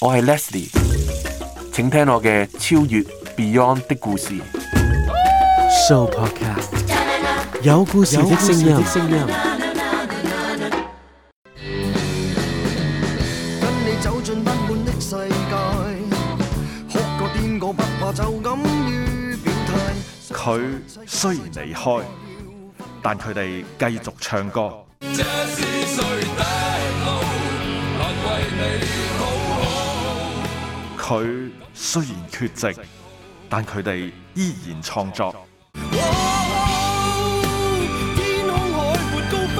我係 Leslie，請聽我嘅超越 Beyond 的故事。Show podcast 有故事的聲音。跟你走進不滿的世界，哭過癲過不怕就敢於表態。佢雖然離開，但佢哋繼續唱歌。佢雖然缺席，但佢哋依然創作。哦、天空海闊高飛，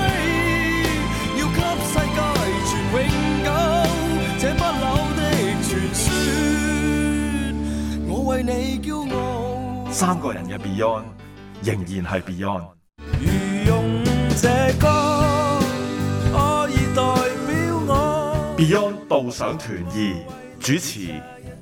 要給世界傳永久，這不朽的傳說，我為你驕傲。三個人嘅 Beyond 仍然係 Beyond。啊、Beyond 道上團二主持。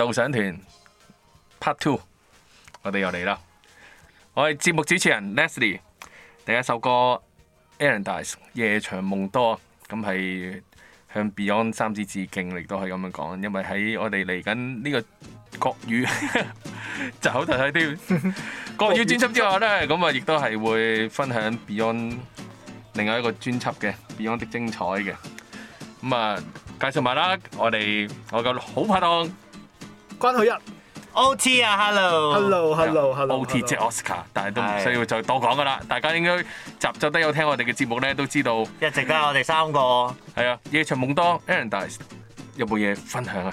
導賞團 Part Two，我哋又嚟啦！我係節目主持人 Nestle，第一首歌 Alanis、er、d《夜長夢多》，咁係向 Beyond 三子致敬，亦都可以咁樣講，因為喺我哋嚟緊呢個國語就好睇睇啲國語專輯之外咧，咁啊亦都係會分享 Beyond 另外一個專輯嘅 Beyond 的精彩嘅，咁啊介紹埋啦，我哋我個好拍檔。關口一，OT 啊，Hello，Hello，Hello，Hello，OT 即係 Oscar，但係都唔需要再多講噶啦。大家應該集集都有聽我哋嘅節目咧，都知道。一直都係我哋三個。係啊，夜長夢多，Ellen，有冇嘢分享啊？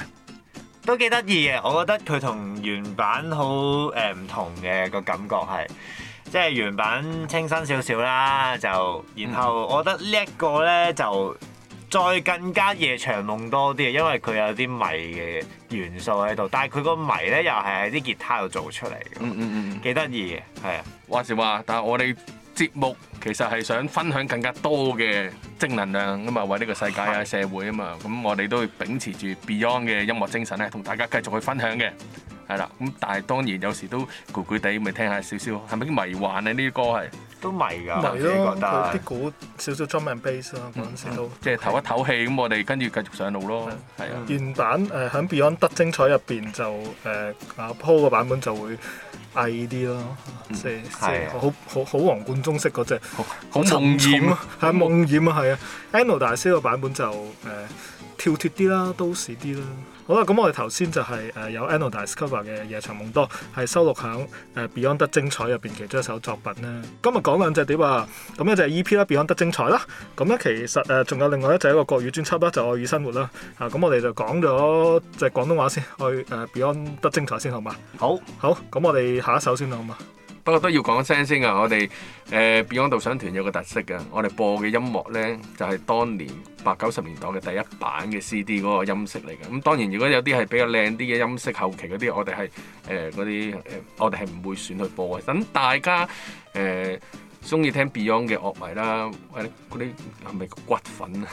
都幾得意嘅，我覺得佢同原版好誒唔同嘅個感覺係，即係原版清新少少啦，就然後我覺得呢一個咧就。再更加夜長夢多啲啊，因為佢有啲迷嘅元素喺度，但係佢個迷咧又係喺啲吉他度做出嚟嘅，嗯，嗯嗯嗯，幾得意嘅，係啊。話時話，但係我哋節目其實係想分享更加多嘅正能量啊嘛，因為為呢個世界啊的社會啊嘛，咁我哋都會秉持住 Beyond 嘅音樂精神咧，同大家繼續去分享嘅，係啦。咁但係當然有時都攰攰地，咪聽下少少，係咪啲迷幻啊呢啲歌係？這個都迷噶，自己覺得啲股少少 drum and bass 咯，咁先好。即係唞一唞氣咁，我哋跟住繼續上路咯，係啊。原版誒喺 Beyond 得精彩入邊就誒阿 Paul 嘅版本就會矮啲咯，即係即係好好好皇冠中式嗰隻，好重染啊，係啊，夢染啊，係啊，Anno 大師個版本就誒跳脫啲啦，都市啲啦。好啦，咁我哋頭先就係、是、誒、呃、有 Annelise Cover 嘅《夜長夢多》，係收錄響誒、呃、Beyond 得精彩入邊其中一首作品啦。今日講兩隻碟啊，咁一隻係 EP 啦，Beyond 得精彩啦。咁咧其實誒仲、呃、有另外一隻一個國語專輯啦，就《愛與生活》啦。啊，咁我哋就講咗隻廣東話先，愛、呃、誒 Beyond 得精彩先，好嘛？好好，咁我哋下一首先啦，好嘛？不過都要講聲先啊！我哋誒 Beyond 導賞團有個特色嘅，我哋播嘅音樂咧就係、是、當年八九十年代嘅第一版嘅 CD 嗰個音色嚟嘅。咁、嗯、當然，如果有啲係比較靚啲嘅音色，後期嗰啲我哋係誒啲誒，我哋係唔會選去播嘅。等大家誒。呃中意聽 Beyond 嘅樂迷啦，或者嗰啲係咪骨粉啊？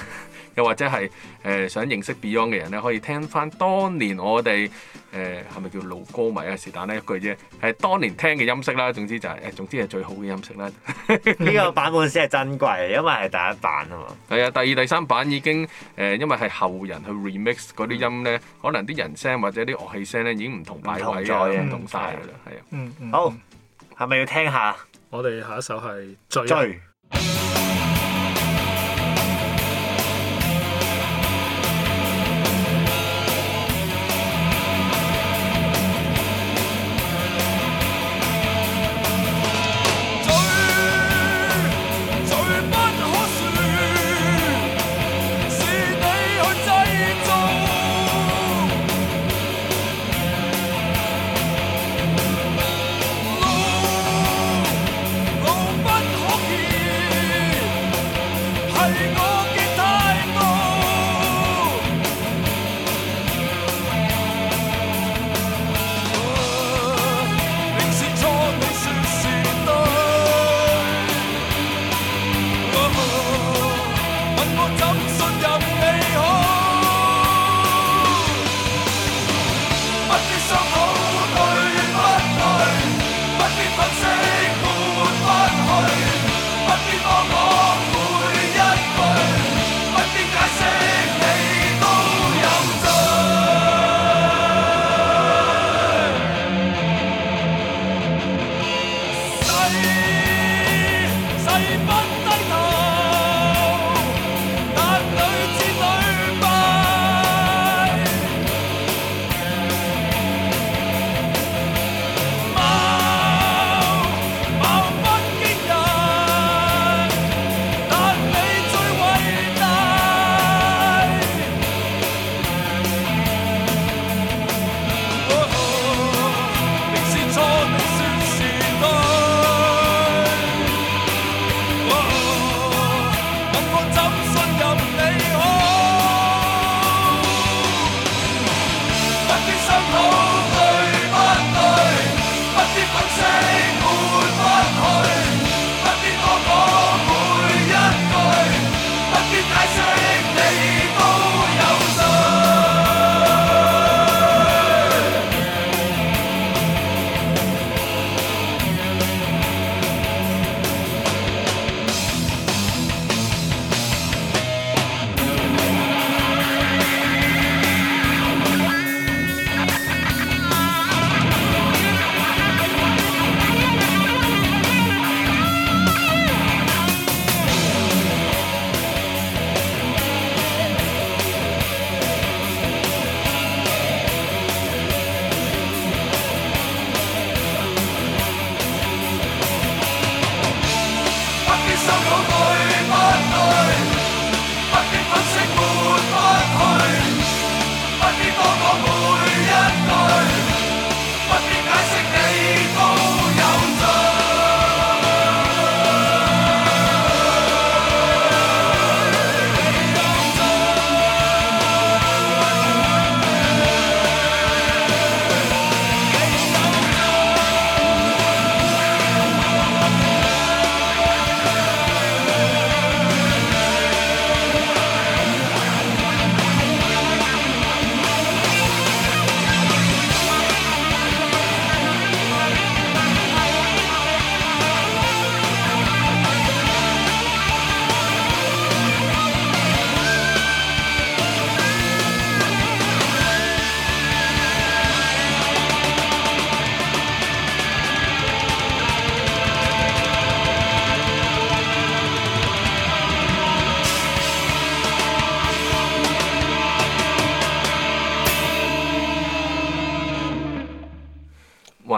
又或者係誒想認識 Beyond 嘅人咧，可以聽翻當年我哋誒係咪叫老歌迷啊？是但咧一句啫，係當年聽嘅音色啦。總之就係誒，總之係最好嘅音色啦。呢個版本先係珍貴，因為係第一版啊嘛。係啊，第二、第三版已經誒，因為係後人去 remix 嗰啲音咧，可能啲人聲或者啲樂器聲咧已經唔同擺位咗嘅，唔同曬嘅啦，係啊。好，係咪要聽下？我哋下一首係最醉。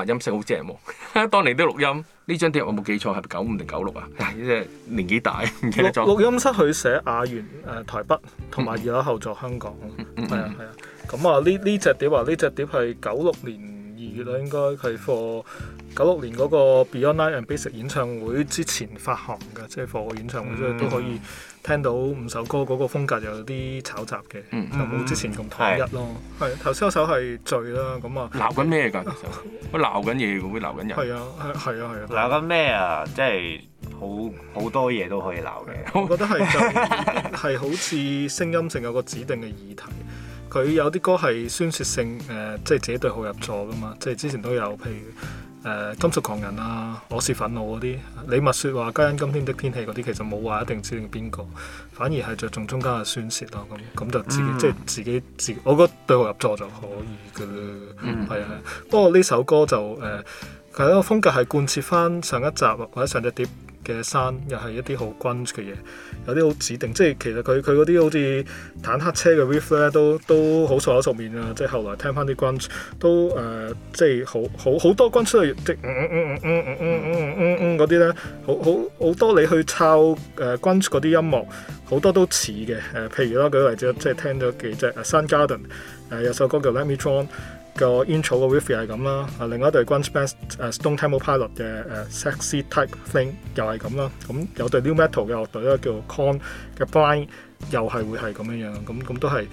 音色好正喎，當年啲錄音呢張碟我冇記錯係九五定九六啊，呢、哎、係年紀大唔記得咗，錄音室佢寫雅元誒台北同埋二樓後座香港，係啊係啊，咁啊呢呢隻碟話呢隻碟係九六年二月啦，應該係 for 九六年嗰個 Beyond Live and Basic 演唱會之前發行嘅，嗯、即係 for 個演唱會即係都可以。聽到五首歌嗰個風格有啲炒雜嘅，嗯嗯、就冇之前咁統一咯。係頭先嗰首係醉啦，咁啊鬧緊咩㗎？其實我鬧緊嘢，會鬧緊人。係啊，係啊，係啊。鬧緊咩啊？即係好好多嘢都可以鬧嘅。 我覺得係就係好似聲音性有個指定嘅議題。佢有啲歌係宣泄性，誒、呃，即係自己對號入座㗎嘛。即係之前都有，譬如。誒、呃、金屬狂人啊，我是憤怒嗰啲，你咪説話，感恩今天的天氣嗰啲。其實冇話一定指定邊個，反而係着重中間嘅宣泄咯。咁咁就自己、嗯、即係自己，自己我覺得對號入座就可以噶啦。係啊、嗯，不過呢首歌就誒、係、呃、個風格係貫徹翻上一集或者上隻碟。嘅山又係一啲好 grunge 嘅嘢，有啲好指定，即係其實佢佢嗰啲好似坦克車嘅 riff 咧，都都好熟口熟面啊。即係後來聽翻啲 grunge 都誒，即係好好好多 grunge 嘅，即嗰啲咧，好好好多你去抄誒 grunge 嗰啲音樂，好多都似嘅誒。譬如啦，舉個例子，即係聽咗幾隻 Soundgarden 誒有首歌叫 Let Me Drown。個 intro 個 riff 係咁啦，啊另外一隊 grunge band 誒、uh, Stone Temple Pilot 嘅誒、uh, sexy type thing 又係咁啦，咁有對 new metal 嘅樂隊咧、uh, 叫 Korn 嘅 blind 又係會係咁樣樣，咁咁都係誒、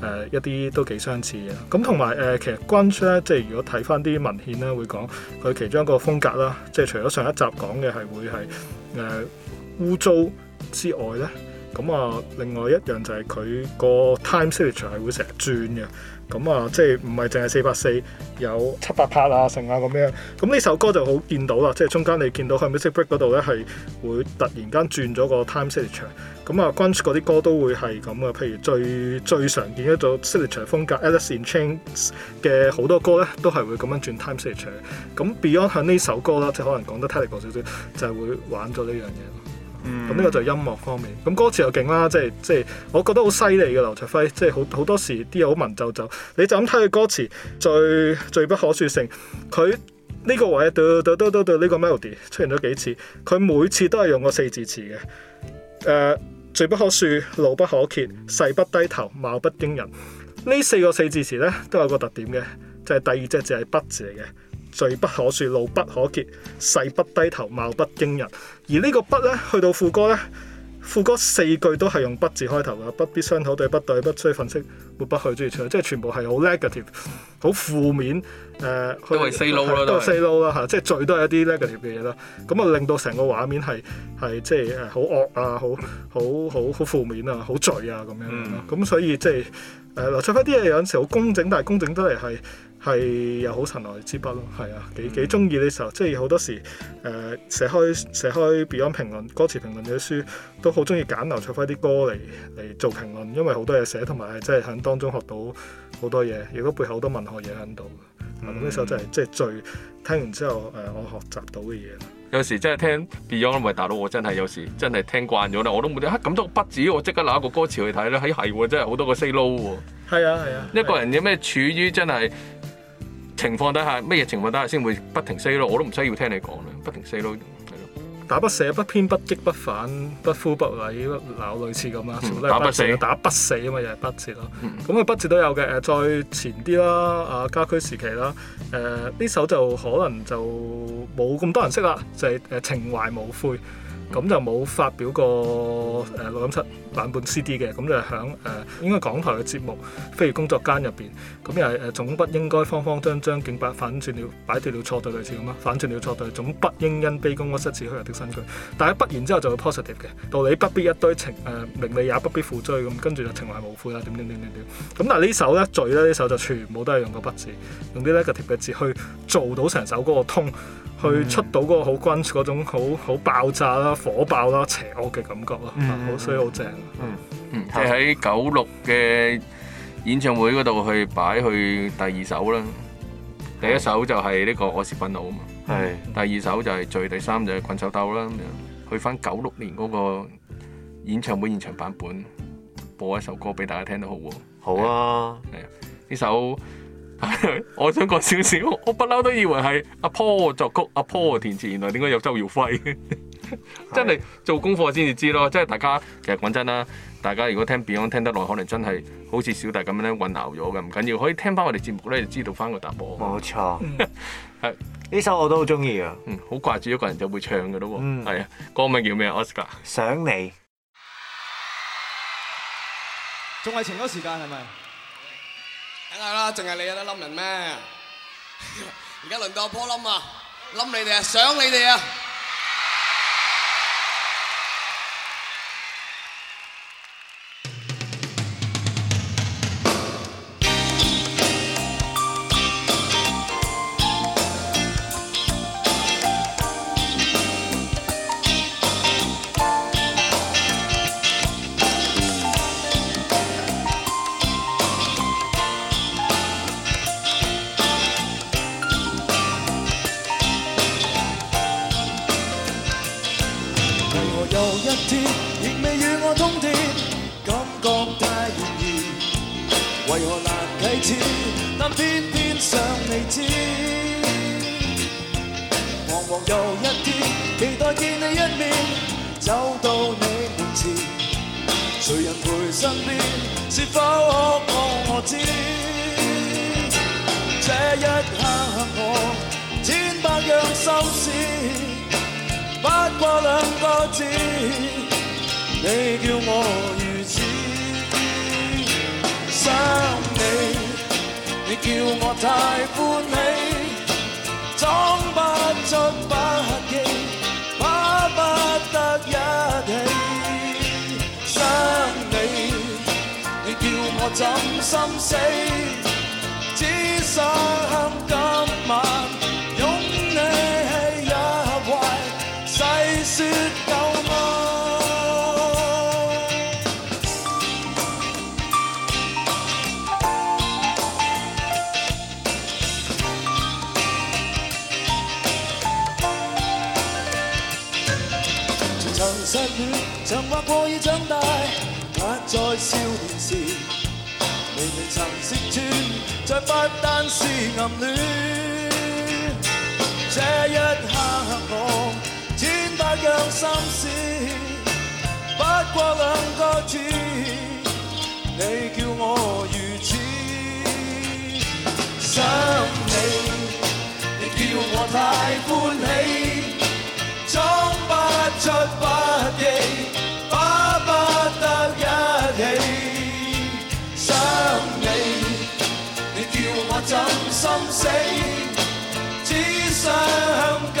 uh, 一啲都幾相似嘅，咁同埋誒其實 grunge 咧，即係如果睇翻啲文獻咧，會講佢其中一個風格啦，即係除咗上一集講嘅係會係誒污糟之外咧，咁啊、uh, 另外一樣就係佢個 time signature 係會成日轉嘅。咁啊、嗯，即係唔係淨係四百四，有七八拍啊，成啊咁樣，咁呢、嗯、首歌就好見到啦，即係中間你見到喺 Music Break 度咧，係會突然間轉咗個 Time Signature、嗯。咁啊，Grunge 嗰啲歌都會係咁啊，譬如最最常見一種 Signature 風格 S，Alice in Chains 嘅好多歌咧，都係會咁樣轉 Time Signature、嗯。咁 Beyond 響呢首歌啦，即係可能講得 technical 少少，就係會玩咗呢樣嘢。咁呢、嗯、個就音樂方面，咁歌詞又勁啦，即係即係我覺得好犀利嘅劉卓輝，即係好好多時啲嘢好文縐縐，你就咁睇佢歌詞，最最不可説性，佢呢個位啊，哆哆哆哆呢個 melody 出現咗幾次，佢每次都係用個四字詞嘅，誒、呃、罪不可恕、怒不可遏，誓不低頭，貌不驚人，呢四個四字詞呢，都有個特點嘅，就係、是、第二隻字係不字嚟嘅。罪不可恕，怒不可遏，誓不低頭，貌不驚人。而呢個不呢，去到副歌呢，副歌四句都係用不字開頭啦。不必傷口對不對，不需粉飾抹不去，中意唱，即係全部係好 negative，好負面。誒、呃，因為 say low 都 say low 即係罪都係一啲 negative 嘅嘢啦。咁啊，令到成個畫面係係即係好惡啊，好好好好負面啊，好罪啊咁樣。咁、嗯、所以即係誒，劉卓輝啲嘢有陣時好工整，但係工整都係係。係又好神來之筆咯，係啊，幾幾中意呢首，即係好多時誒寫開寫開 Beyond 評論、歌詞評論嘅書，都好中意揀劉卓輝啲歌嚟嚟做評論，因為好多嘢寫，同埋真係響當中學到好多嘢。如果背後好多文學嘢喺度，咁呢首真係即係最聽完之後誒，我學習到嘅嘢。有時真係聽 Beyond，咪大佬我真係有時真係聽慣咗啦，我都冇啲咁多筆字，我即刻攞個歌詞去睇咧，咦係喎，真係好多個 solo 喎。係啊係啊。一個人有咩處於真係？情況底下，乜嘢情況底下先會不停 say 咯？我都唔需要聽你講啦，不停 say 咯，咯打不死不偏不激、不反不呼不禮，嗱、呃、類似咁啦、嗯。打不死，打不死，啊嘛，又係不字咯。咁啊、嗯，不字都有嘅。誒、呃，再前啲啦，啊、呃，家駒時期啦，誒、呃，呢首就可能就冇咁多人識啦，就係誒，情懷無悔。咁就冇發表過誒、呃、錄音室版本 CD 嘅，咁就喺誒、呃、應該港台嘅節目《飛越工作間面》入邊，咁又係誒總不應該慌慌張張，竟把反轉了擺脱了錯對類似咁啊！反轉了錯對，總不應因悲觀失志虛弱的身軀。但係畢完之後就會 positive 嘅道理不必一堆情誒名利也不必負追咁，跟、嗯、住就情懷無悔啦，點點點點點。咁但係呢首咧，罪咧呢首就全部都係用個不字，用啲 negative 嘅字去做到成首嗰個通，去出到嗰個好 gun 嗰種好好爆炸啦！火爆啦，邪惡嘅感覺咯，好衰好正。嗯嗯，即係喺九六嘅演唱會嗰度去擺去第二首啦，是的 第一首就係呢、這個《我是憤怒》啊嘛，係，是的 第二首就係醉，第三就係、是《困獸鬥》啦的、嗯、去翻九六年嗰個演唱會現場版本播一首歌俾大家聽都好喎。好啊，係好啊，呢首 我想講少少，我不嬲都以為係阿 Paul 作曲、阿 Paul 填詞，原來點解有周耀輝？ 真係做功課先至知咯，即係大家其實講真啦，大家如果聽 Beyond 聽得耐，可能真係好似小弟咁樣咧混淆咗嘅，唔緊要，可以聽翻我哋節目咧就知道翻個答案。冇錯，係呢 是首我都好中意啊，好掛住一個人就會唱嘅咯喎，係啊、嗯， 歌名叫咩 Oscar 想你，仲係情歌時間係咪？梗係啦，淨係你有得冧人咩？而 家輪到我波冧啊，冧你哋啊，想你哋啊！不單是暗戀，這一刻我千百樣心思，不過兩個字，你叫我如此想你，你叫我太歡喜，裝不出不羈。怎心死？只想。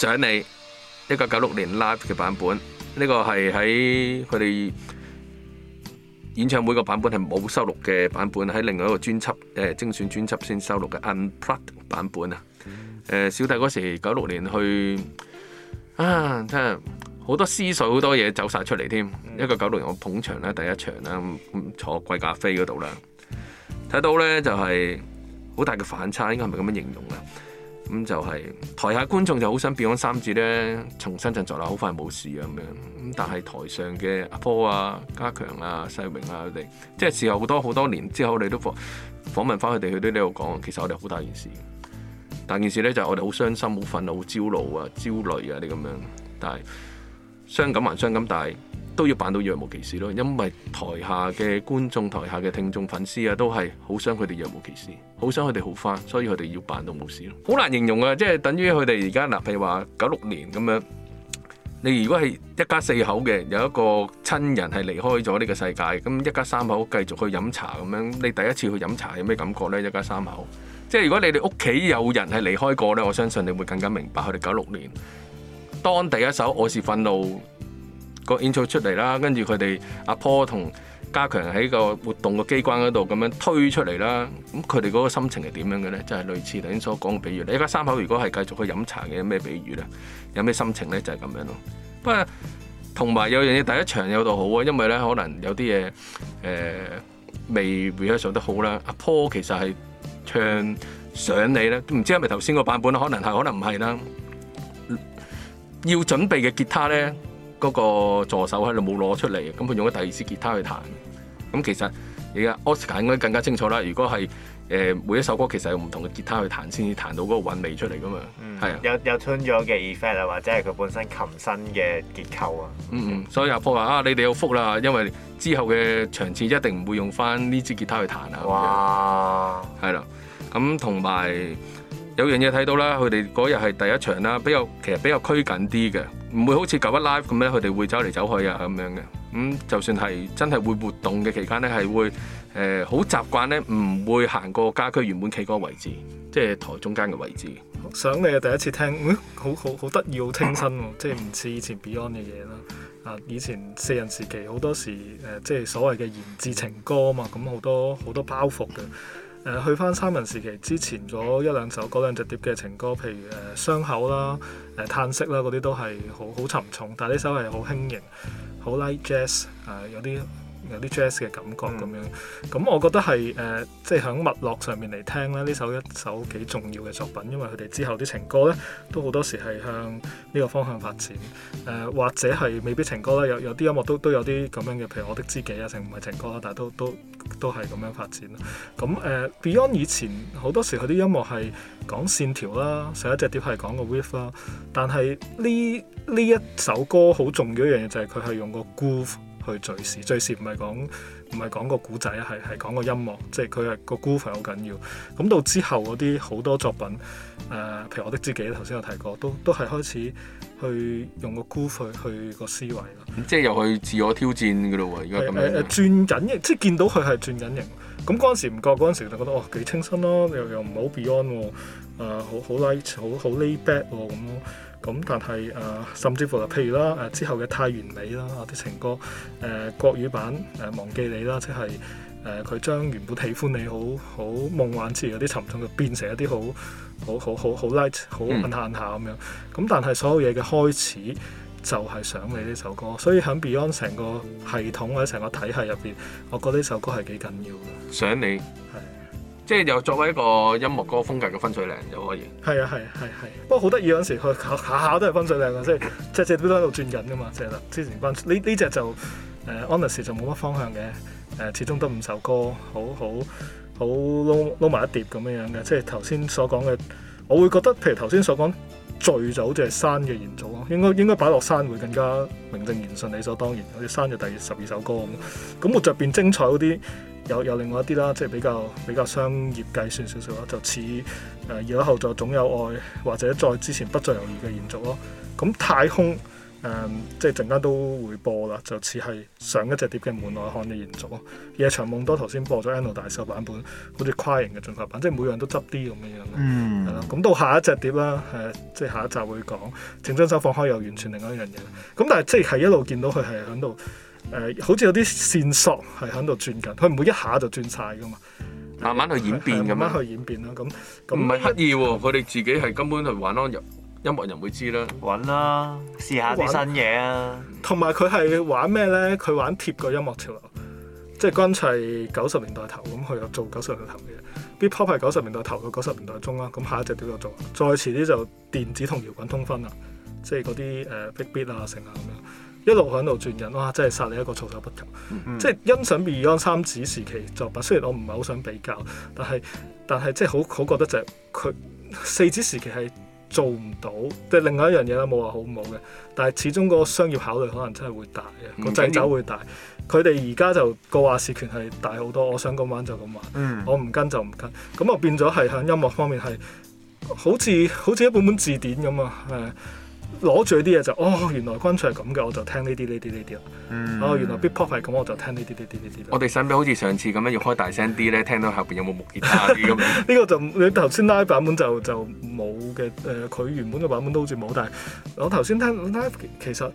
想你一九九六年 live 嘅版本，呢、這個係喺佢哋演唱會個版本係冇收錄嘅版本，喺另外一個專輯誒、呃、精選專輯先收錄嘅 unplugged 版本啊！誒、呃，小弟嗰時九六年去啊，真係好多思緒，好多嘢走晒出嚟添。一九九六年我捧場啦，第一場啦，坐貴咖啡嗰度啦，睇到咧就係、是、好大嘅反差，應該係咪咁樣形容啊？咁就係、是、台下觀眾就好想變咗三子咧，重新振作啦，好快冇事咁樣。咁但係台上嘅阿 Paul 啊、加強啊、世榮啊佢哋，即係事後好多好多年之後，我哋都訪訪問翻佢哋，佢都有講，其實我哋好大件事。大件事咧就係、是、我哋好傷心、好憤怒、好焦慮啊、焦慮啊啲咁樣。但係。傷感還傷感，但係都要扮到若無其事咯，因為台下嘅觀眾、台下嘅聽眾、粉絲啊，都係好想佢哋若無其事，好想佢哋好返，所以佢哋要扮到冇事咯。好難形容啊，即係等於佢哋而家嗱，譬如話九六年咁樣，你如果係一家四口嘅，有一個親人係離開咗呢個世界，咁一家三口繼續去飲茶咁樣，你第一次去飲茶有咩感覺呢？一家三口，即係如果你哋屋企有人係離開過呢，我相信你會更加明白佢哋九六年。當第一首《我是憤怒》個 intro 出嚟啦，跟住佢哋阿 Paul 同家強喺個活動嘅機關嗰度咁樣推出嚟啦。咁佢哋嗰個心情係點樣嘅咧？就係、是、類似頭先所講嘅比喻。你一家三口如果係繼續去飲茶嘅，有咩比喻咧？有咩心情咧？就係、是、咁樣咯。不過同埋有樣嘢第一場有度好啊，因為咧可能有啲嘢誒未 rehearsal 得好啦。阿 Paul 其實係唱想你咧，唔知係咪頭先個版本？可能係，可能唔係啦。要準備嘅吉他咧，嗰、那個助手喺度冇攞出嚟，咁佢用咗第二支吉他去彈。咁其實而家 Oscar 應該更加清楚啦。如果係誒每一首歌其實有唔同嘅吉他去彈，先至彈到嗰個韻味出嚟噶嘛。係、嗯、啊，有有 t 咗嘅 effect 啊，或者係佢本身琴身嘅結構啊。嗯嗯，所以阿福 o 話啊，你哋有福啦，因為之後嘅場次一定唔會用翻呢支吉他去彈哇啊。哇、啊，係、嗯、啦，咁同埋。有樣嘢睇到啦，佢哋嗰日係第一場啦，比較其實比較拘謹啲嘅，唔會好似九一 live 咁咧，佢哋會走嚟走去啊咁樣嘅。咁、嗯、就算係真係會活動嘅期間咧，係會誒好、呃、習慣咧，唔會行過家居原本企嗰個位置，即係台中間嘅位置。想你係第一次聽，誒、哎、好好好得意，好清新喎，即係唔似以前 Beyond 嘅嘢啦。啊，以前四人時期好多時誒，即係所謂嘅言志情歌啊嘛，咁好多好多包袱嘅。去翻三文時期之前嗰一兩首嗰兩隻碟嘅情歌，譬如誒傷口啦、誒嘆息啦，嗰啲都係好好沉重，但呢首係好輕盈，好 light jazz，誒有啲。有啲 Jazz 嘅感覺咁、嗯、樣，咁我覺得係誒，即係響脈絡上面嚟聽咧，呢首一首幾重要嘅作品，因為佢哋之後啲情歌咧，都好多時係向呢個方向發展，誒、呃、或者係未必情歌啦，有有啲音樂都都有啲咁樣嘅，譬如我的知己啊，成唔係情歌啦，但係都都都係咁樣發展。咁誒、呃、Beyond 以前好多時佢啲音樂係講線條啦，上一隻碟係講個 Wave 啦，但係呢呢一首歌好重要一樣嘢就係佢係用個 Groove 去敘事，敘事唔係講唔係講個古仔，係係講個音樂，即係佢係個 groove 好緊要。咁到之後嗰啲好多作品，誒、呃，譬如我的自己，頭先有提過，都都係開始去用個 groove 去，去個思維啦。咁、嗯、即係又去自我挑戰噶咯喎，如果咁樣。誒誒，轉、呃、緊型，即係見到佢係轉緊型。咁嗰陣時唔覺，嗰陣時就覺得哦，幾清新咯，又又唔好 beyond，誒，好、呃、好 light，好好 lay back 咁喎。咯咁、嗯、但係誒、呃，甚至乎譬如啦誒、啊，之後嘅太完美啦啲、啊、情歌誒、呃、國語版誒、呃、忘記你啦，即係誒佢將原本喜歡你好好夢幻之餘嗰啲沉重，就變成一啲好好好好好 light 好輕淡，下咁樣。咁、嗯、但係所有嘢嘅開始就係、是、想你呢首歌，所以喺 Beyond 成個系統啊成個體系入邊，我覺得呢首歌係幾緊要嘅。想你係。即係又作為一個音樂歌風格嘅分水嶺就可以、啊。係啊係係係，不過好得意，嗰陣時，佢下下都係分水嶺啊！即係隻隻都喺度轉緊噶嘛，即係之前分呢呢隻就誒，安德士就冇乜方向嘅誒、呃，始終得五首歌，好好好撈撈埋一碟咁樣嘅。即係頭先所講嘅，我會覺得譬如頭先所講，早就好似係山嘅延續咯，應該應該擺落山會更加名正言順、理所當然。好似山嘅第二十二首歌咁，咁我著邊精彩嗰啲。有有另外一啲啦，即係比較比較商業計算少少啦，就似誒兒女後座總有愛，或者再之前不再猶豫嘅延續咯。咁太空誒、呃、即係陣間都會播啦，就似係上一隻碟嘅門外漢嘅延續。夜長夢多頭先播咗 e n 大 l 版本，好似跨型嘅進化版，即係每樣都執啲咁嘅樣。嗯。係啦，咁到下一隻碟啦，係、呃、即係下一集會講，請將手放開又完全另外一樣嘢。咁但係即係係一路見到佢係響度。誒、呃，好似有啲線索係喺度轉緊，佢唔會一下就轉晒噶嘛，慢慢嘛、嗯，慢慢去演變，慢慢去演變啦。咁咁唔係刻意喎，佢哋、嗯、自己係根本係玩音樂音樂人會知啦。玩啦，試下啲新嘢啊。同埋佢係玩咩咧？佢玩貼個音樂潮流，即係均係九十年代頭咁佢又做九十年代頭嘅。Beat Pop 係九十年代頭到九十年代中啦。咁、嗯、下一隻點又做？再遲啲就電子同搖滾通分啦，即係嗰啲誒 Big Beat 啊，成啊咁樣。一路響度轉人，哇！真係殺你一個措手不及。Mm hmm. 即係欣賞 Beyond 三子時期作品，雖然我唔係好想比較，但係但係即係好好覺得就係佢四子時期係做唔到。即係另外一樣嘢咧，冇話好唔好嘅。但係始終個商業考慮可能真係會大嘅，個掣肘會大。佢哋而家就個話事權係大好多，我想咁玩就咁玩，mm hmm. 我唔跟就唔跟。咁啊變咗係響音樂方面係好似好似一本本字典咁啊誒。呃攞住啲嘢就哦，原來昆曲係咁嘅，我就聽呢啲呢啲呢啲啦。哦，原來 Big Pop 係咁，我就聽呢啲呢啲呢啲。我哋使唔使好似上次咁樣要開大聲啲咧？聽到後邊有冇木吉他啲咁？呢、 這個就你頭先 live 版本就就冇嘅。誒、呃，佢原本嘅版本都好似冇，但係我頭先聽拉其實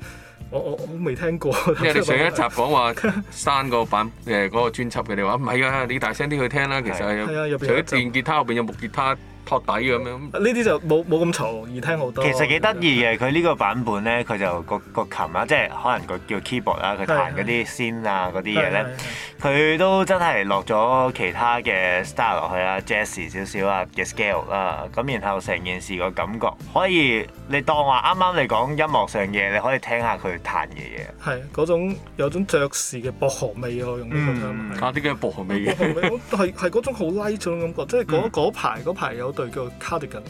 我我我未聽過。因為你上一集講話刪個版誒嗰、那個專輯嘅，你話唔係啊？你大聲啲佢聽啦。其實有，啊。除咗電吉他，後邊有木吉他。托底咁樣，呢啲就冇冇咁嘈，容易聽好多。其實幾得意嘅，佢呢 個版本咧，佢就個個琴啦，即係可能個叫 keyboard 啦、啊，佢彈嗰啲線啊嗰啲嘢咧，佢、嗯嗯、都真係落咗其他嘅 style 落去啊，jazz 少少 scale，啊嘅 scale 啦，咁然後成件事個感覺可以，你當話啱啱你講音樂上嘅，你可以聽下佢彈嘅嘢。係嗰種有種爵士嘅薄荷味啊，用呢個唱。啊！啲咁嘅薄荷味嘅。係係嗰種好 light 嗰感覺，即係嗰排排有。對叫 Cardigan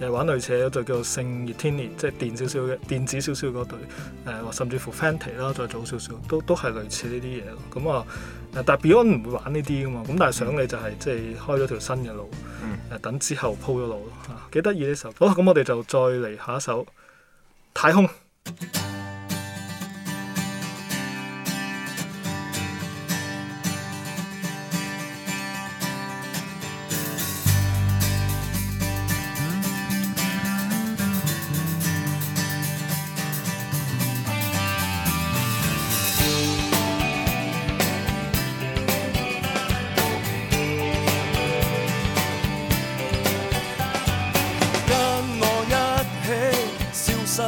又玩類似，一對叫做聖熱天尼，即係電少少嘅電子少少嗰對，誒、呃、甚至乎 Fantasy 啦，再早少少都都係類似呢啲嘢。咁、嗯、啊，但係 Beyond 唔會玩呢啲噶嘛。咁但係想你就係、是、即係開咗條新嘅路，嗯、等之後鋪咗路咯。嚇，幾得意嘅呢首，好，咁我哋就再嚟下一首太空。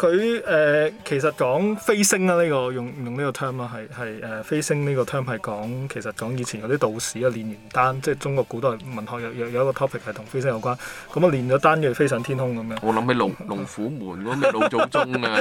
佢誒、呃、其實講飛升啦，呢、這個用用呢個 term 啊，係係誒飛升呢個 term 係講其實講以前有啲道士啊練完丹，即係中國古代文學有有一個 topic 係同飛升有關。咁啊練咗丹嘅飛上天空咁樣。我諗起龍龍虎門嗰個老祖宗啊，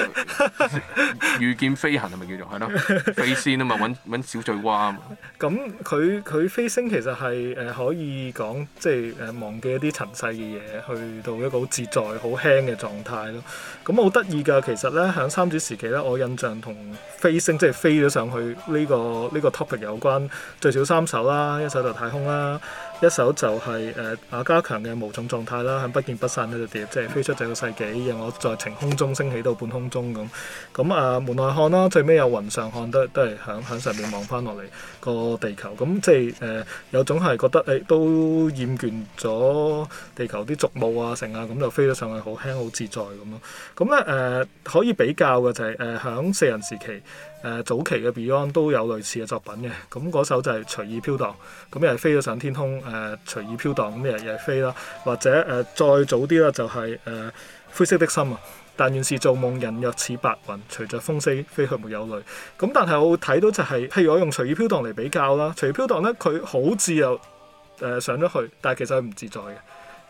御劍飛行係咪叫做係咯？飛仙啊嘛，揾揾小醉蛙啊嘛。咁佢佢飛升其實係誒可以講即係誒忘記一啲塵世嘅嘢，去到一個好自在、好輕嘅狀態咯。咁我好得意。啊，其實咧，響三子時期咧，我印象同飛升即係飛咗上去呢個呢個 topic 有關，最少三首啦，一首就太空啦。一首就係誒阿加強嘅無重狀態啦，喺不見不散呢隻碟，即係飛出這個世紀，讓我在晴空中升起到半空中咁。咁啊門外漢啦，最尾有雲上漢，都都係喺喺上面望翻落嚟個地球。咁即係誒有種係覺得誒、欸、都厭倦咗地球啲俗務啊，成啊咁就飛咗上去，好輕好自在咁咯。咁咧誒可以比較嘅就係誒喺四人時期。誒、呃、早期嘅 Beyond 都有類似嘅作品嘅，咁嗰首就係、是、隨意飄蕩，咁又係飛咗上天空，誒、呃、隨意飄蕩，咁又又係飛啦，或者誒、呃、再早啲啦就係、是、誒、呃、灰色的心啊，但願是造夢人若似白雲，隨着風勢飛去，沒有淚。咁但係我會睇到就係、是，譬如我用隨意飄蕩嚟比較啦，隨意飄蕩咧佢好自由誒、呃、上咗去，但係其實佢唔自在嘅。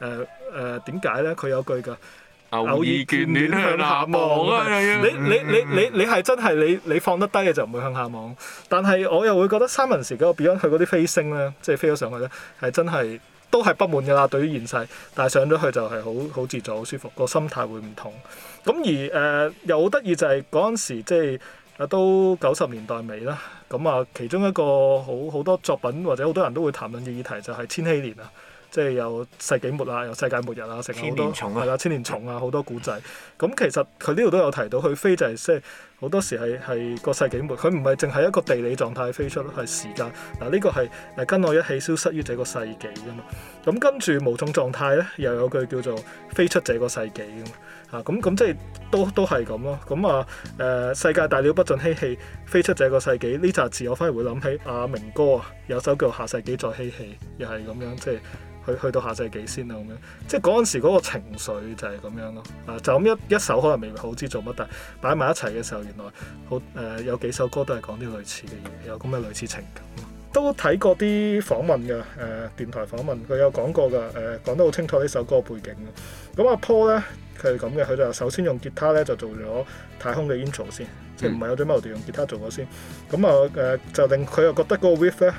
誒誒點解咧？佢、呃、有句嘅。偶爾眷戀向下望啊、嗯！你你你你是是你係真係你你放得低嘅就唔會向下望，但係我又會覺得三文時嗰個變咗佢嗰啲飛升咧，即係飛咗上去咧，係真係都係不滿噶啦，對於現世，但係上咗去就係好好自在、好舒服，個心態會唔同。咁而誒、呃、又好得意就係嗰陣時即係都九十年代尾啦，咁啊其中一個好好多作品或者好多人都會談論嘅議題就係、是、千禧年啊。即係有世紀末啊，有世界末日啊，成日好多係啦、啊，千年蟲啊，好多古仔。咁、嗯、其實佢呢度都有提到，佢飛就係即係好多時係係個世紀末，佢唔係淨係一個地理狀態飛出咯，係時間嗱呢個係誒跟我一起消失於這個世紀噶嘛。咁、啊、跟住無重狀態咧，又有句叫做飛出這個世紀噶嘛。咁、啊、咁、啊、即係都都係咁咯。咁啊誒，世界大了，不准嬉戲，飛出這個世紀呢紮字，我反而會諗起阿、啊、明哥啊，有首叫下世紀再嬉戲，又係咁樣即係。去去到下世紀先啦，咁樣，即係嗰陣時嗰個情緒就係咁樣咯。啊，就咁一一首可能未好知做乜，但係擺埋一齊嘅時候，原來好誒、呃、有幾首歌都係講啲類似嘅嘢，有咁嘅類似情感。都睇過啲訪問㗎，誒、呃、電台訪問佢有講過㗎，誒、呃、講得好清楚呢首歌嘅背景咯。咁阿 Paul 咧，佢係咁嘅，佢就首先用吉他咧就做咗太空嘅 intro 先，嗯、即係唔係有隻 m o 用吉他做咗先。咁啊誒就令佢又覺得嗰個咧。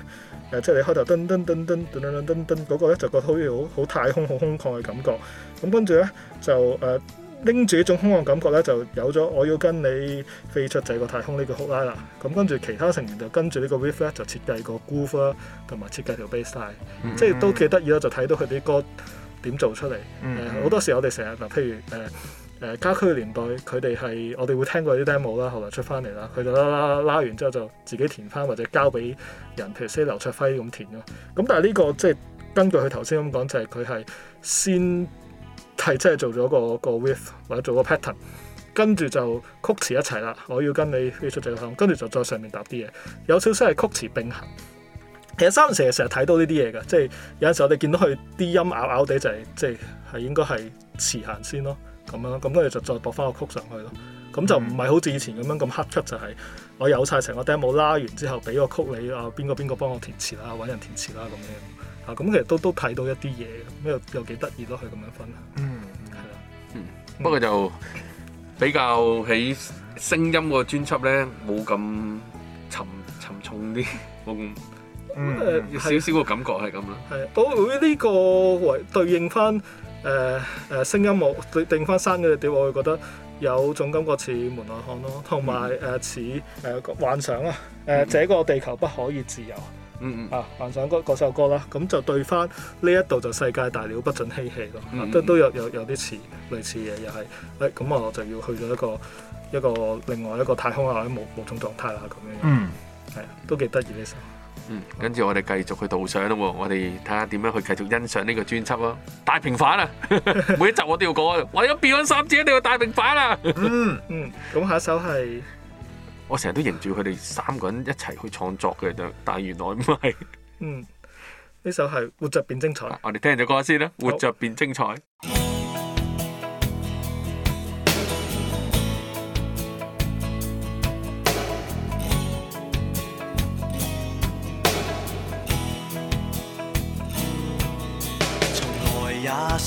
誒，即係你開頭噔噔噔噔噔噔噔噔噔嗰個咧就覺得好似好好太空好空曠嘅感覺，咁跟住咧就誒拎住呢種空曠感覺咧就有咗我要跟你飛出這個太空呢個 hook 啦，咁跟住其他成員就跟住呢個 riff 咧就設計個 groove 同埋設計條 base line，即係都幾得意啦，就睇到佢啲歌點做出嚟，好多時我哋成日嗱譬如誒。誒，家居年代佢哋係我哋會聽過啲 demo 啦，後來出翻嚟啦，佢就拉拉拉拉完之後就自己填翻，或者交俾人，譬如 say 劉卓輝咁填咯。咁但係、這、呢個即係根據佢頭先咁講，就係佢係先係即係做咗個個 riff 或者做個 pattern，跟住就曲詞一齊啦。我要跟你要出述個，跟住就再上面搭啲嘢。有少少係曲詞並行，其實三成成日睇到呢啲嘢㗎，即係有陣時候我哋見到佢啲音拗拗地就係、是、即係係應該係詞行先咯。咁樣咁，跟住就再播翻個曲上去咯。咁就唔係好似以前咁樣咁黑出，就係、是、我有晒成個 demo 拉完之後，俾個曲你啊，邊個邊個幫我填詞啦，搵人填詞啦咁樣。啊，咁其實都都睇到一啲嘢，咁又又幾得意咯，佢咁樣分。嗯，係啦、啊。嗯，不過就比較喺聲音個專輯咧，冇咁沉沉重啲，冇咁、嗯、少少個感覺係咁啦。係，我會呢個為對應翻。誒誒，聲、呃、音我定翻山嗰隻我會覺得有種感覺似門外漢咯，同埋誒似誒幻想啊。誒、呃、這個地球不可以自由，嗯嗯啊，幻想嗰首歌，歌啦，咁就對翻呢一度就世界大了，不准嬉戲咯，都都有有有啲似類似嘅，又係誒咁我就要去咗一個一個另外一個太空啊，冇某種狀態啦，咁樣，嗯，係、嗯、都幾得意嘅首。嗯，跟住我哋繼續去導賞啦喎，我哋睇下點樣去繼續欣賞呢個專輯咯。大平反啊，每一集我都要講啊，為咗 Beyond 三子一定要大平反啊。嗯嗯，咁下一首係，我成日都認住佢哋三個人一齊去創作嘅，但係原來唔係。嗯，呢首係活著便精彩。我哋聽咗歌先啦，活著便精彩。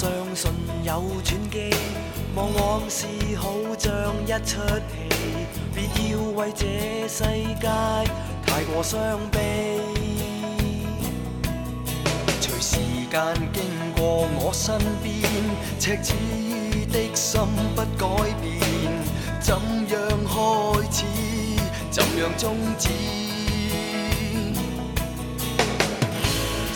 相信有轉機，望往事好像一出戲，別要為這世界太過傷悲。隨時間經過我身邊，赤子的心不改變，怎樣開始，怎樣終止。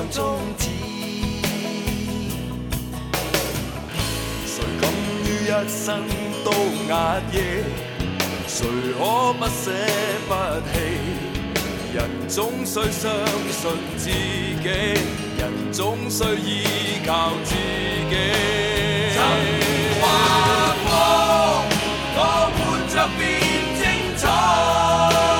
有終止，誰甘於一生都壓抑？誰可不捨不棄？人總需相信自己，人總需依靠自己。曾話過，我活着便精彩。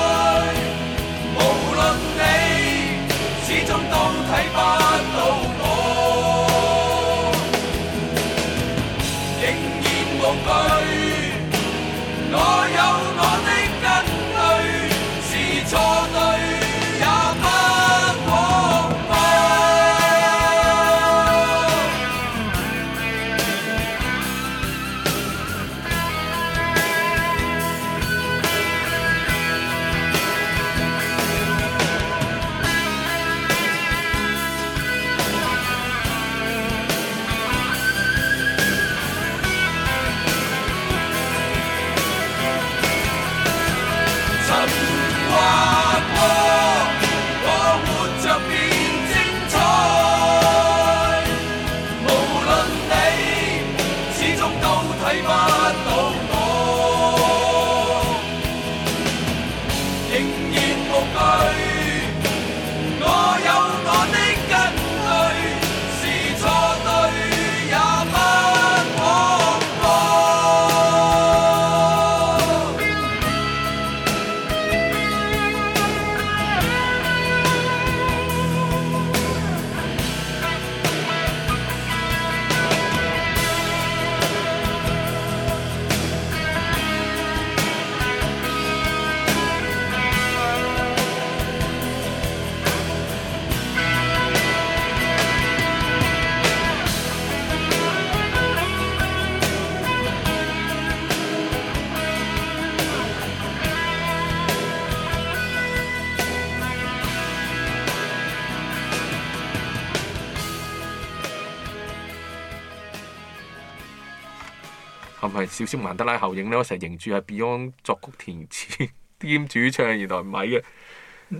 少少曼德拉效應咧，我成日認住係 Beyond 作曲填詞兼 主唱，原來唔係嘅。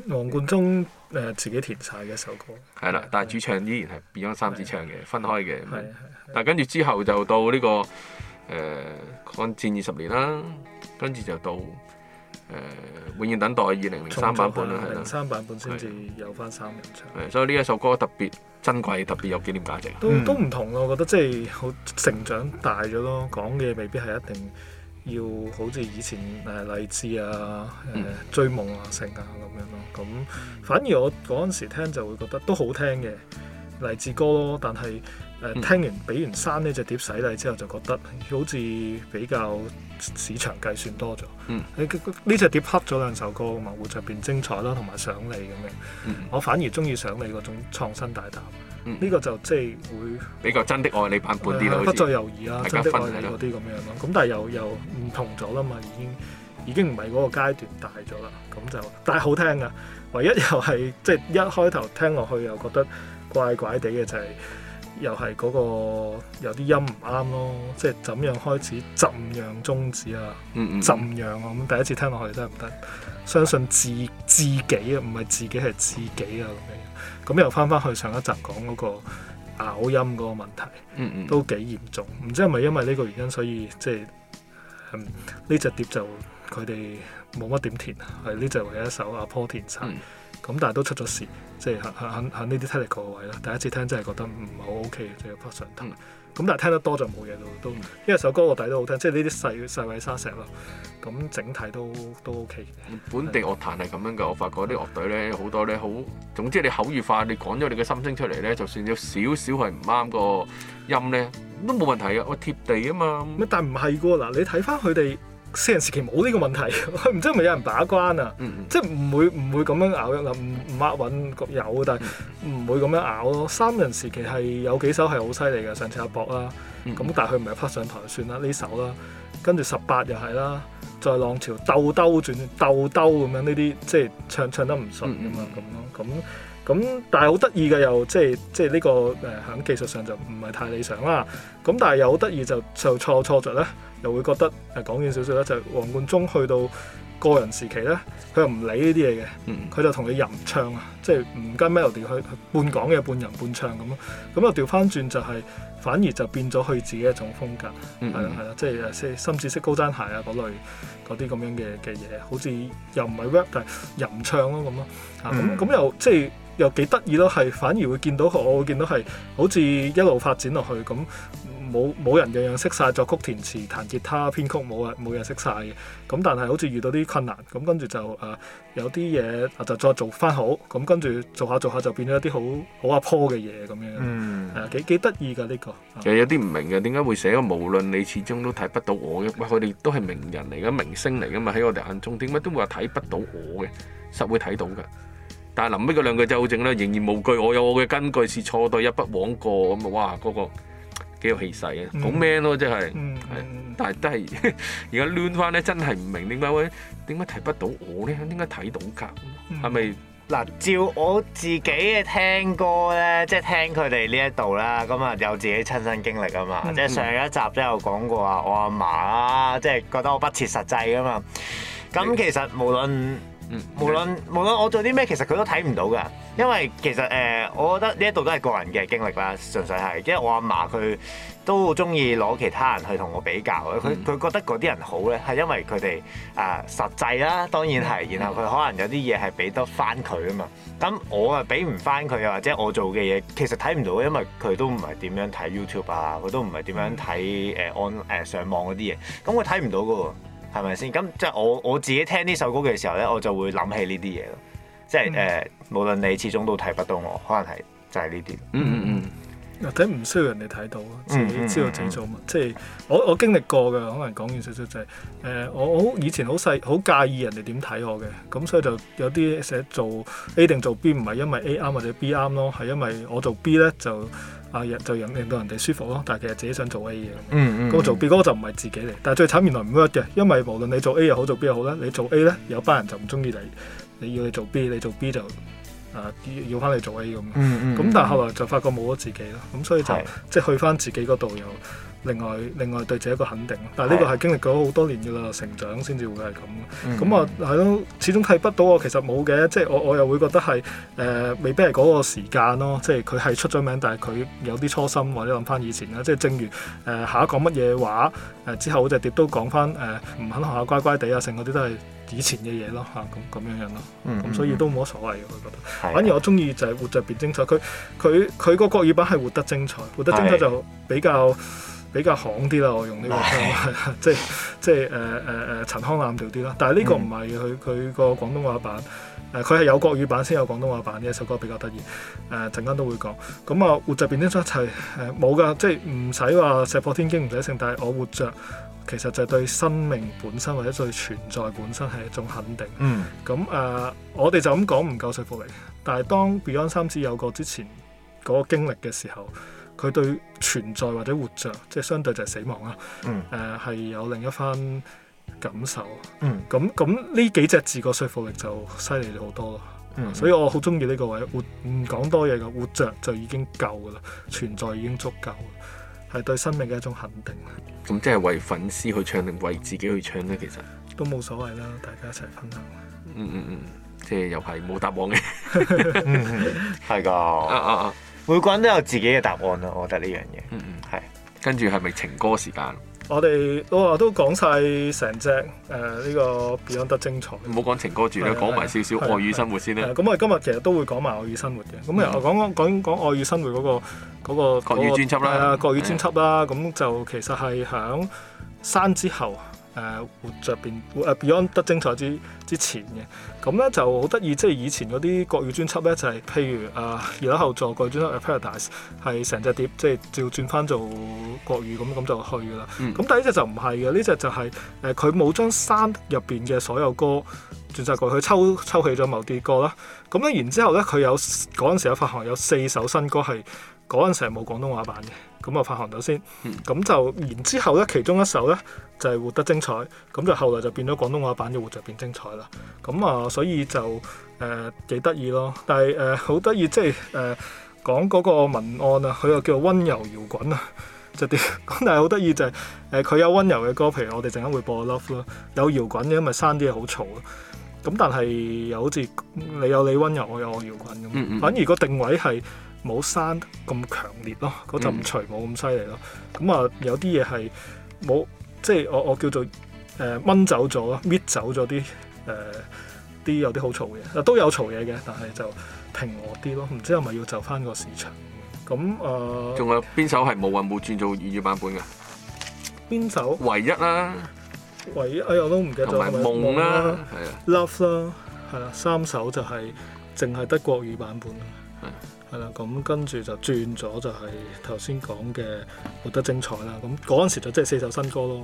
黃貫中誒、呃、自己填晒嘅一首歌。係啦的，的但係主唱依然係 Beyond 三子唱嘅，的分開嘅。係係。但跟住之後就到呢、呢個誒抗、呃、戰二十年啦，跟住就到誒永遠等待二零零三版本啦，係啦。三版本先至的的有翻三人唱。係，所以呢一首歌特別。珍貴特別有紀念價值，都都唔同咯。我覺得即係好成長大咗咯，講嘅未必係一定要好似以前誒勵志啊、誒、呃、追夢啊、成啊咁樣咯。咁反而我嗰陣時聽就會覺得都好聽嘅。勵志歌咯，但係誒、呃、聽完比完山呢隻碟洗禮之後，就覺得好似比較市場計算多咗。嗯，呢、欸、隻碟吸咗兩首歌嘛，活著便精彩啦，同埋想你咁樣。嗯、我反而中意想你嗰種創新大膽。呢、嗯、個就即係會比較真的愛你版本啲咯，不再猶豫啦、啊，真的愛你嗰啲咁樣咯。咁的但係又又唔同咗啦嘛，已經已經唔係嗰個階段大咗啦。咁就但係好聽噶，唯一又係即係一開頭聽落去又覺得，怪怪地嘅就係又係嗰個有啲音唔啱咯，即係怎樣開始浸樣中止啊？嗯嗯浸樣啊，咁第一次聽落去真係唔得，相信自自己，己，己啊，唔係自己係自己啊咁樣，咁又返返去上一集講嗰個咬音嗰個問題，嗯嗯都幾嚴重，唔知係咪因為呢個原因，所以即係呢隻碟就佢哋冇乜點填，係呢隻唯一一首阿 Paul、啊、填詞。嗯咁但係都出咗事，即係喺喺喺呢啲 technical 嘅位啦。第一次聽真係覺得唔係好 OK，即係普通聽。咁、嗯、但係聽得多就冇嘢咯，都唔，嗯、因為首歌我睇都好聽，即係呢啲細細位沙石咯。咁整體都都 OK 嘅。本地樂壇係咁樣嘅，的我發覺啲樂隊咧好的多咧，好總之你口語化，你講咗你嘅心聲出嚟咧，就算有少少係唔啱個音咧，都冇問題嘅，我貼地啊嘛。但係唔係喎，嗱你睇翻佢哋。四人時期冇呢個問題，佢唔 知係咪有人把關啊？嗯嗯即係唔會唔會咁樣咬啊，唔唔握穩個油，但係唔會咁樣咬咯。三人時期係有幾首係好犀利嘅，上次阿博啦，咁、嗯嗯、但係佢唔係拍上台算啦呢首啦，跟住十八又係啦，再浪潮兜兜轉兜兜咁樣呢啲，即係唱唱得唔順咁、嗯嗯、樣咁咯咁。咁但係好得意嘅，又即係即係呢個誒響技術上就唔係太理想啦。咁但係又好得意就就錯錯着，咧，又會覺得誒講遠少少啦。就黃貫中去到個人時期咧，佢又唔理呢啲嘢嘅，佢就同你吟唱啊，即係唔跟 melody 去半講嘅半吟半唱咁咯。咁又調翻轉就係反而就變咗佢自己一種風格，係啦係啦，即係誒深紫色高踭鞋啊嗰類嗰啲咁樣嘅嘅嘢，好似又唔係 rap 但係吟唱咯咁咯咁咁又即係。又幾得意咯，係反而會見到我會見到係好似一路發展落去咁，冇冇人樣樣識晒作曲、填詞、彈吉他、編曲，冇啊冇人識晒。嘅。咁但係好似遇到啲困難，咁跟住就誒、啊、有啲嘢就再做翻好，咁跟住做下做下就變咗一啲好好阿婆嘅嘢咁樣，誒、嗯啊、幾幾得意㗎呢個。又有啲唔明嘅，點解會寫個無論你始終都睇不到我嘅？喂，佢哋都係名人嚟嘅，明星嚟㗎嘛，喺我哋眼中點解都會話睇不到我嘅？實會睇到㗎。但係臨尾嗰兩句就係好正啦，仍然無懼，我有我嘅根據，是錯對，一不枉過。咁啊，哇，嗰、那個幾有氣勢嘅，好 man 咯，真係。但係都係而家攣翻咧，真係唔明點解會點解睇不到我咧？點解睇到㗎？係咪？嗱、嗯，是是照我自己嘅聽歌咧，即係聽佢哋呢一度啦，咁啊有自己親身經歷啊嘛，嗯、即係上一集都有講過啊，我阿嫲啦，即係覺得我不切實際啊嘛。咁其實無論、嗯無論無論我做啲咩，其實佢都睇唔到㗎，因為其實誒、呃，我覺得呢一度都係個人嘅經歷啦，純粹係，因為我阿嫲佢都好鍾意攞其他人去同我比較嘅，佢佢、嗯、覺得嗰啲人好咧，係因為佢哋啊實際啦、啊，當然係，然後佢可能有啲嘢係畀得返佢啊嘛，咁我啊畀唔返佢，或者我做嘅嘢其實睇唔到，因為佢都唔係點樣睇 YouTube 啊，佢都唔係點樣睇誒按誒上網嗰啲嘢，咁佢睇唔到㗎。係咪先？咁即係我我自己聽呢首歌嘅時候咧，我就會諗起呢啲嘢咯。即係誒、嗯呃，無論你始終都睇不到我，可能係就係呢啲。嗯嗯嗯。睇唔需要人哋睇到，自己知道自己做乜。嗯嗯嗯、即係我我經歷過嘅，可能講完少少就係、是、誒、呃，我好以前好細好介意人哋點睇我嘅，咁所以就有啲寫做 A 定做 B，唔係因為 A 啱或者 B 啱咯，係因為我做 B 咧就啊就引令到人哋舒服咯，但係其實自己想做 A 嘅、嗯。嗯，嗯個做 B 嗰個就唔係自己嚟，但係最慘原來唔得嘅，因為無論你做 A 又好做 B 又好啦，你做 A 咧有班人就唔中意你，你要你做 B，你做 B 就。要翻嚟做 A 咁，咁、嗯嗯、但係後來就發覺冇咗自己咯，咁、嗯、所以就是即係去翻自己嗰度，又另外另外對自己一個肯定。但係呢個係經歷咗好多年嘅啦，嗯、成長先至會係咁。咁啊、嗯，係咯，始終睇不到我其實冇嘅，即係我我又會覺得係誒、呃，未必係嗰個時間咯。即係佢係出咗名，但係佢有啲初心或者諗翻以前啦。即係正如誒、呃，下一講乜嘢話誒、呃，之後嗰隻碟都講翻誒，唔、呃、肯學啊，乖乖地啊，成嗰啲都係。以前嘅嘢咯嚇，咁咁樣樣咯，咁、啊嗯嗯嗯、所以都冇乜所謂嘅，我覺得。的反而我中意就係活著便精彩，佢佢佢個國語版係活得精彩，活得精彩就比較的比較行啲啦。我用呢個的 即，即係即係誒誒誒陳腔欽調啲啦。但係呢個唔係佢佢個廣東話版，誒佢係有國語版先有廣東話版，呢一首歌比較得意。誒陣間都會講。咁啊，活著便精彩誒冇㗎，即係唔使話石破天驚唔使聲，但係我活著。其實就對生命本身或者對存在本身係一種肯定。嗯。咁誒、呃，我哋就咁講唔夠說服力。但係當 Beyond 三子有過之前嗰個經歷嘅時候，佢對存在或者活着，即係相對就係死亡啦。嗯。誒係、呃、有另一番感受。嗯。咁咁呢幾隻字個說服力就犀利好多咯。嗯。所以我好中意呢個位活，唔講多嘢噶，「活着」就已經夠噶啦，存在已經足夠。係對生命嘅一種肯定啦。咁即係為粉絲去唱定為自己去唱咧？其實都冇所謂啦，大家一齊分享。嗯嗯嗯，即係又係冇答案嘅，係㗎。啊啊啊！每個人都有自己嘅答案啦，我覺得呢樣嘢。嗯嗯，係是。跟住係咪情歌時間？我哋都我都講晒成隻誒呢個 Beyond 的精彩的。唔好講情歌住啦，講埋的少少愛與生活先啦。咁我哋今日其實都會講埋愛與生活嘅。咁又、嗯、講講講講愛與生活嗰、那個嗰、那個國語專輯啦、啊，國語專輯啦。咁的就其實係響山之後。誒活着邊 Beyond 得精彩之之前嘅，咁咧就好得意，即係以前嗰啲國語專輯咧就係、是，譬如啊、呃、二樓後座嗰張《Paradise》係成隻碟，即係照轉翻做國語咁咁就去噶啦。咁但呢隻就唔係嘅，呢隻就係誒佢冇將山入邊嘅所有歌轉晒過去，佢抽抽起咗某啲歌啦。咁咧然之後咧，佢有嗰陣時，有，時有發行有四首新歌係嗰陣時係冇廣東話版嘅。咁啊，發行咗先，咁就然之後咧，其中一首咧就係、是、活得精彩，咁就後來就變咗廣東話版嘅活着變精彩啦。咁啊，所以就誒幾得意咯。但係誒好得意，即係誒講嗰個文案啊，佢又叫做溫柔搖滾啊， 就啲、是。但係好得意就係誒佢有溫柔嘅歌，譬如我哋陣間會播個 Love 咯，有搖滾嘅，因為生啲嘢好嘈。咁但係又好似你有你溫柔，我有我搖滾咁，嗯嗯反而個定位係。冇山咁強烈咯，嗰陣除冇咁犀利咯。咁啊，有啲嘢係冇，即係我我叫做誒掹、呃、走咗咯，搣走咗啲誒啲有啲好嘈嘢，都有嘈嘢嘅，但係就平和啲咯。唔知係咪要走翻個市場咁啊？仲有邊首係冇啊冇轉做粵語版本嘅？邊首？唯一啦、啊，唯一。哎，我都唔記得咗。同夢啦、啊，係啊，啊，Love 啦、啊，係啦、啊，啊、三首就係淨係得國語版本。係、嗯。係啦，咁跟住就轉咗就係頭先講嘅活得精彩啦。咁嗰陣時就即係四首新歌咯，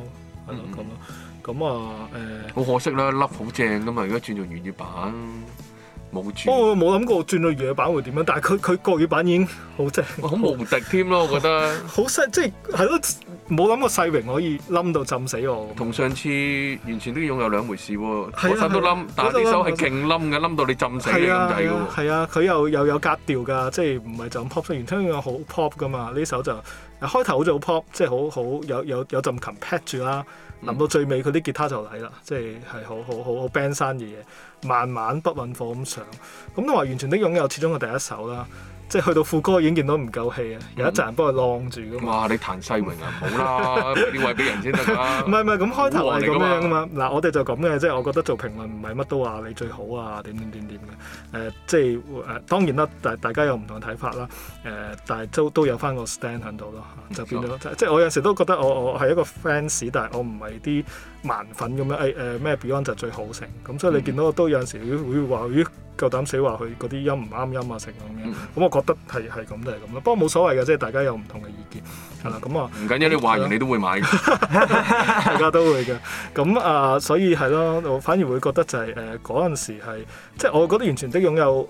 係啦咁咯。咁啊誒，好、嗯呃、可惜啦，粒好正㗎嘛，而家轉做粵語版。我冇諗過轉到粵語版會點樣，但係佢佢國語版已經好正，好無敵添咯，我覺得。好犀，即係係咯，冇諗過世榮可以冧到浸死我。同上次完全都要擁有兩回事喎，嗰首都冧，但係呢首係勁冧嘅，冧到你浸死嘅咁係啊，佢又又有格調㗎，即係唔係就咁 pop？雖然聽起個好 pop 㗎嘛，呢首就開頭好似好 pop，即係好好有有有浸琴 pad 住啦。臨到最尾佢啲吉他就嚟啦，即係係好好好，好 band 山嘅嘢，慢慢不愠火咁上，咁都話完全的擁有始終係第一首啦。即係去到副歌已經見到唔夠氣啊！有一陣幫佢晾住㗎嘛。嗯、你彈西榮啊，唔好 啦，要 位俾人先得唔係唔係，咁 開頭係咁樣啊嘛。嗱，我哋就咁嘅，即係我覺得做評論唔係乜都話你最好啊，點點點點嘅。誒、呃，即係誒、呃，當然啦，大大家有唔同嘅睇法啦。誒、呃，但係都都有翻個 stand 喺度咯，就變咗。即係、嗯、我有時都覺得我我係一個 fans，但係我唔係啲。萬粉咁樣誒誒咩 Beyond 就最好成咁，所以你見到、嗯、都有陣時會會話咦，夠膽死話佢嗰啲音唔啱音啊成咁樣，咁、嗯、我覺得係係咁就係咁啦，不過冇所謂嘅，即係大家有唔同嘅意見。嗯、樣係啦，咁啊，唔緊要你話完，你都會買， 大家都會嘅。咁啊、呃，所以係咯，我反而會覺得就係誒嗰陣時係，即係我覺得完全的擁有誒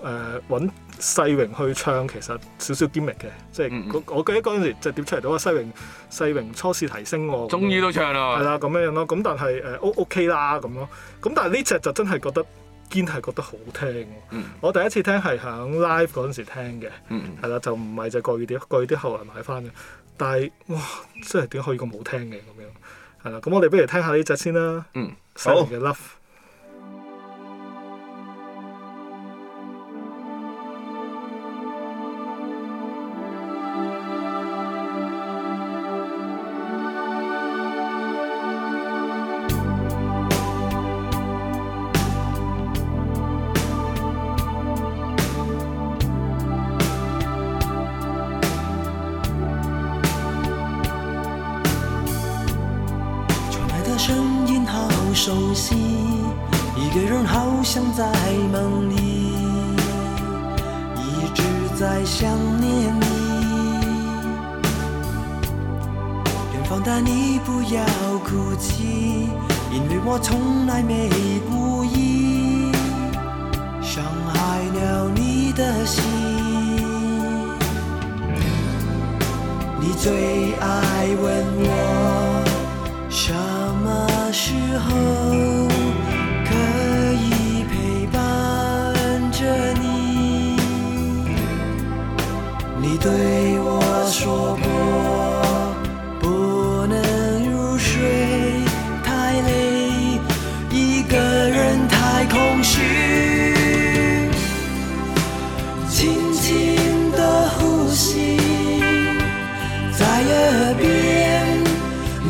揾世榮去唱其實少少堅力嘅，即係我、嗯嗯、我記得嗰陣時就碟出嚟到話世榮世榮初試提升喎，終於都唱那、呃 okay、啦，係啦咁樣樣咯。咁但係誒 O O K 啦咁咯，咁但係呢隻就真係覺得堅係覺得好聽。嗯、我第一次聽係響 live 嗰陣時聽嘅，係啦、嗯嗯，就唔係就國語碟，國語碟後來買翻嘅。但係哇！真係點可以咁好聽嘅咁樣？係 啦。咁我哋不如聽下呢隻先啦。嗯，十年嘅 Love。Oh.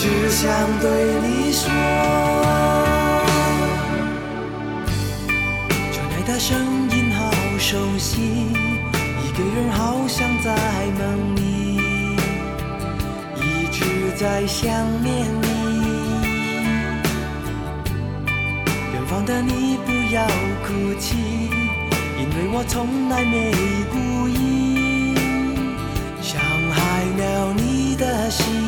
只想對你說，窗外的聲音好熟悉，一個人好像在夢裏，一直在想念你。遠方的你不要哭泣，因為我從來沒故意傷害了你的心。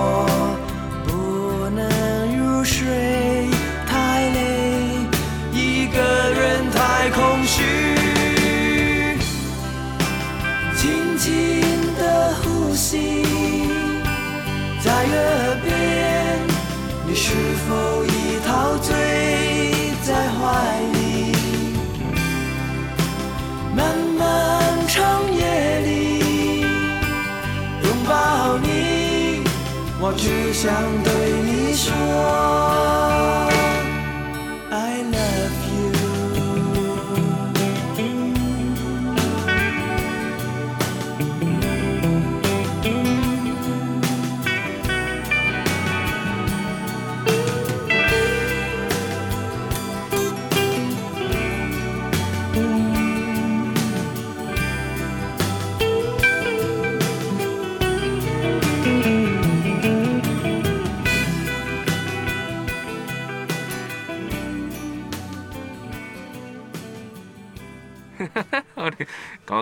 想對你說。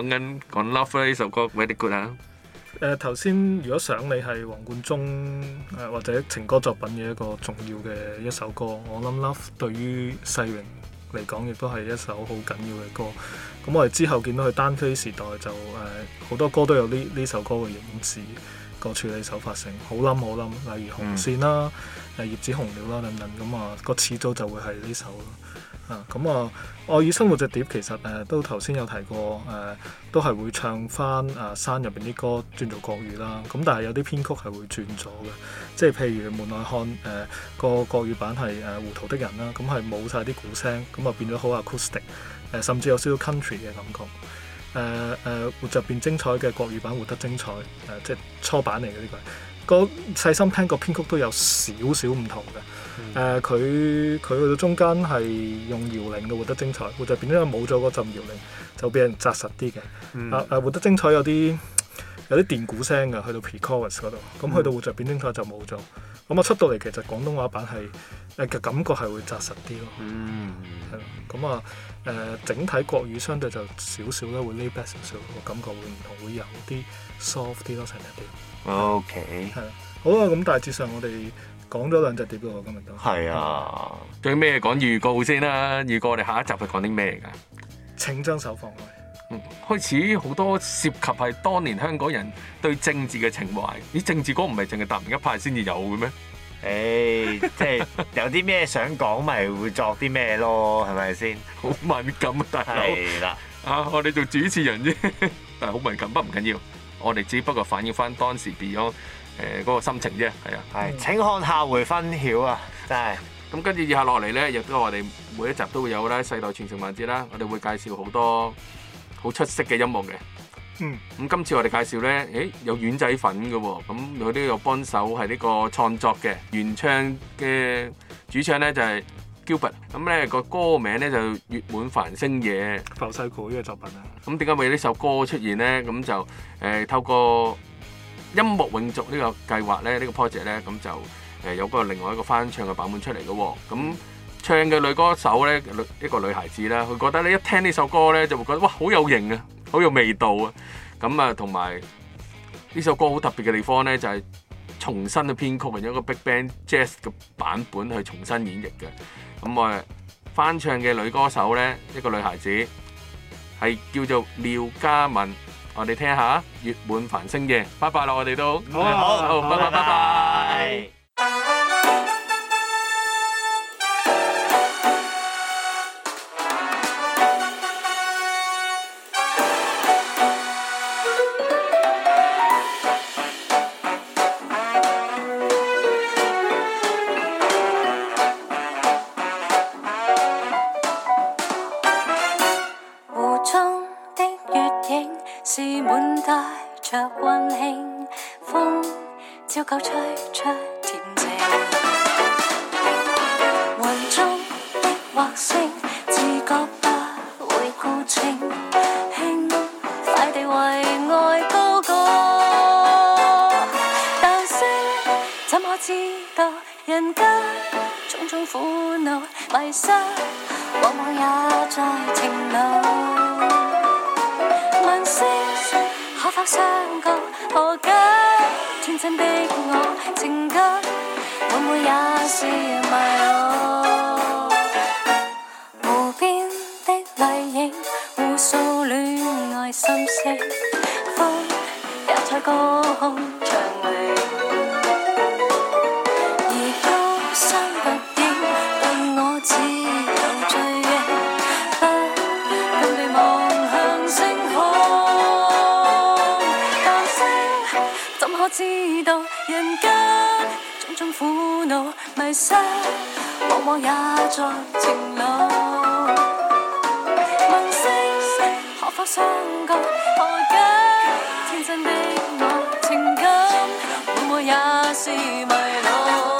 講緊講 love 呢首歌 very good 啊！誒、呃，頭先如果想你係黃貫中誒、呃、或者情歌作品嘅一個重要嘅一首歌，我諗 love 對於世榮嚟講亦都係一首好緊要嘅歌。咁我哋之後見到佢單飛時代就誒好多歌都有呢呢首歌嘅影子，個處理手法性。好冧好冧，例如紅線啦、誒葉子紅了啦等等。咁啊，個始終就會係呢首。咁啊、嗯嗯，愛與生活隻碟其實誒、呃、都頭先有提過，誒、呃、都係會唱翻啊、呃、山入邊啲歌轉做國語啦。咁但係有啲編曲係會轉咗嘅，即係譬如門外漢誒、呃、個國語版係誒、呃呃、糊塗的人啦，咁係冇晒啲鼓聲，咁啊變咗好 acoustic、呃、甚至有少少 country 嘅感覺。誒誒，活着變精彩嘅國語版活得精彩，誒、呃、即係初版嚟嘅呢個。個細心聽個編曲都有少少唔同嘅。誒佢佢去到中間係用搖鈴嘅活得精彩，活著變咗，冇咗嗰陣搖鈴就俾人扎實啲嘅。嗯、啊活得精彩有啲有啲電鼓聲㗎，去到 pre-chorus 嗰度、嗯，咁去到活著變精彩就冇咗。咁、嗯、啊、嗯、出到嚟其實廣東話版係誒嘅感覺係會扎實啲咯、嗯。嗯，係、嗯、咯。咁啊誒整體國語相對就少少啦，會 laid back 少少，個感覺會唔同，會有啲 soft 啲咯成日。OK。係啦，好啊。咁大致上我哋。講咗兩隻碟喎，今日都係啊！最尾講預告先啦，預告我哋下一集佢講啲咩㗎？請將手放開。開始好多涉及係當年香港人對政治嘅情懷，咦，政治歌唔係淨係達明一派先至有嘅咩？誒，即係有啲咩想講，咪會作啲咩咯？係咪先？好敏感啊！大佬！但係係啦，啊，我哋做主持人啫，但係好敏感不唔緊要，我哋只不過反映翻當時 Beyond。誒嗰個心情啫，係啊，係。請看下回分曉啊！係。咁跟住以下落嚟咧，亦都我哋每一集都會有啦，世代傳承環節啦，我哋會介紹好多好出色嘅音樂嘅。嗯。咁今次我哋介紹咧，誒有丸仔粉嘅喎，咁佢都有幫手係呢個創作嘅，原唱嘅主唱咧就係 Gilbert。咁咧個歌名咧就月滿繁星夜。浮世繪嘅作品啊。咁點解會有呢首歌出現咧？咁就誒透過。音樂永續呢個計劃咧，呢個 project 咧，咁就誒有個另外一個翻唱嘅版本出嚟嘅喎。咁唱嘅女歌手咧，女一個女孩子啦，佢覺得咧，一聽呢首歌咧，就會覺得哇，好有型啊，好有味道啊。咁啊，同埋呢首歌好特別嘅地方咧，就係重新嘅編曲，用咗個 big band jazz 嘅版本去重新演繹嘅。咁啊，翻唱嘅女歌手咧，一個女孩子係叫做廖家敏。我哋聽下啊，《月滿繁星夜》，拜拜啦！我哋都好好，拜拜拜拜。知道人間種種苦惱，迷失往往也在情路。夢醒可否相告？何解天真的我情感，往往也是迷路。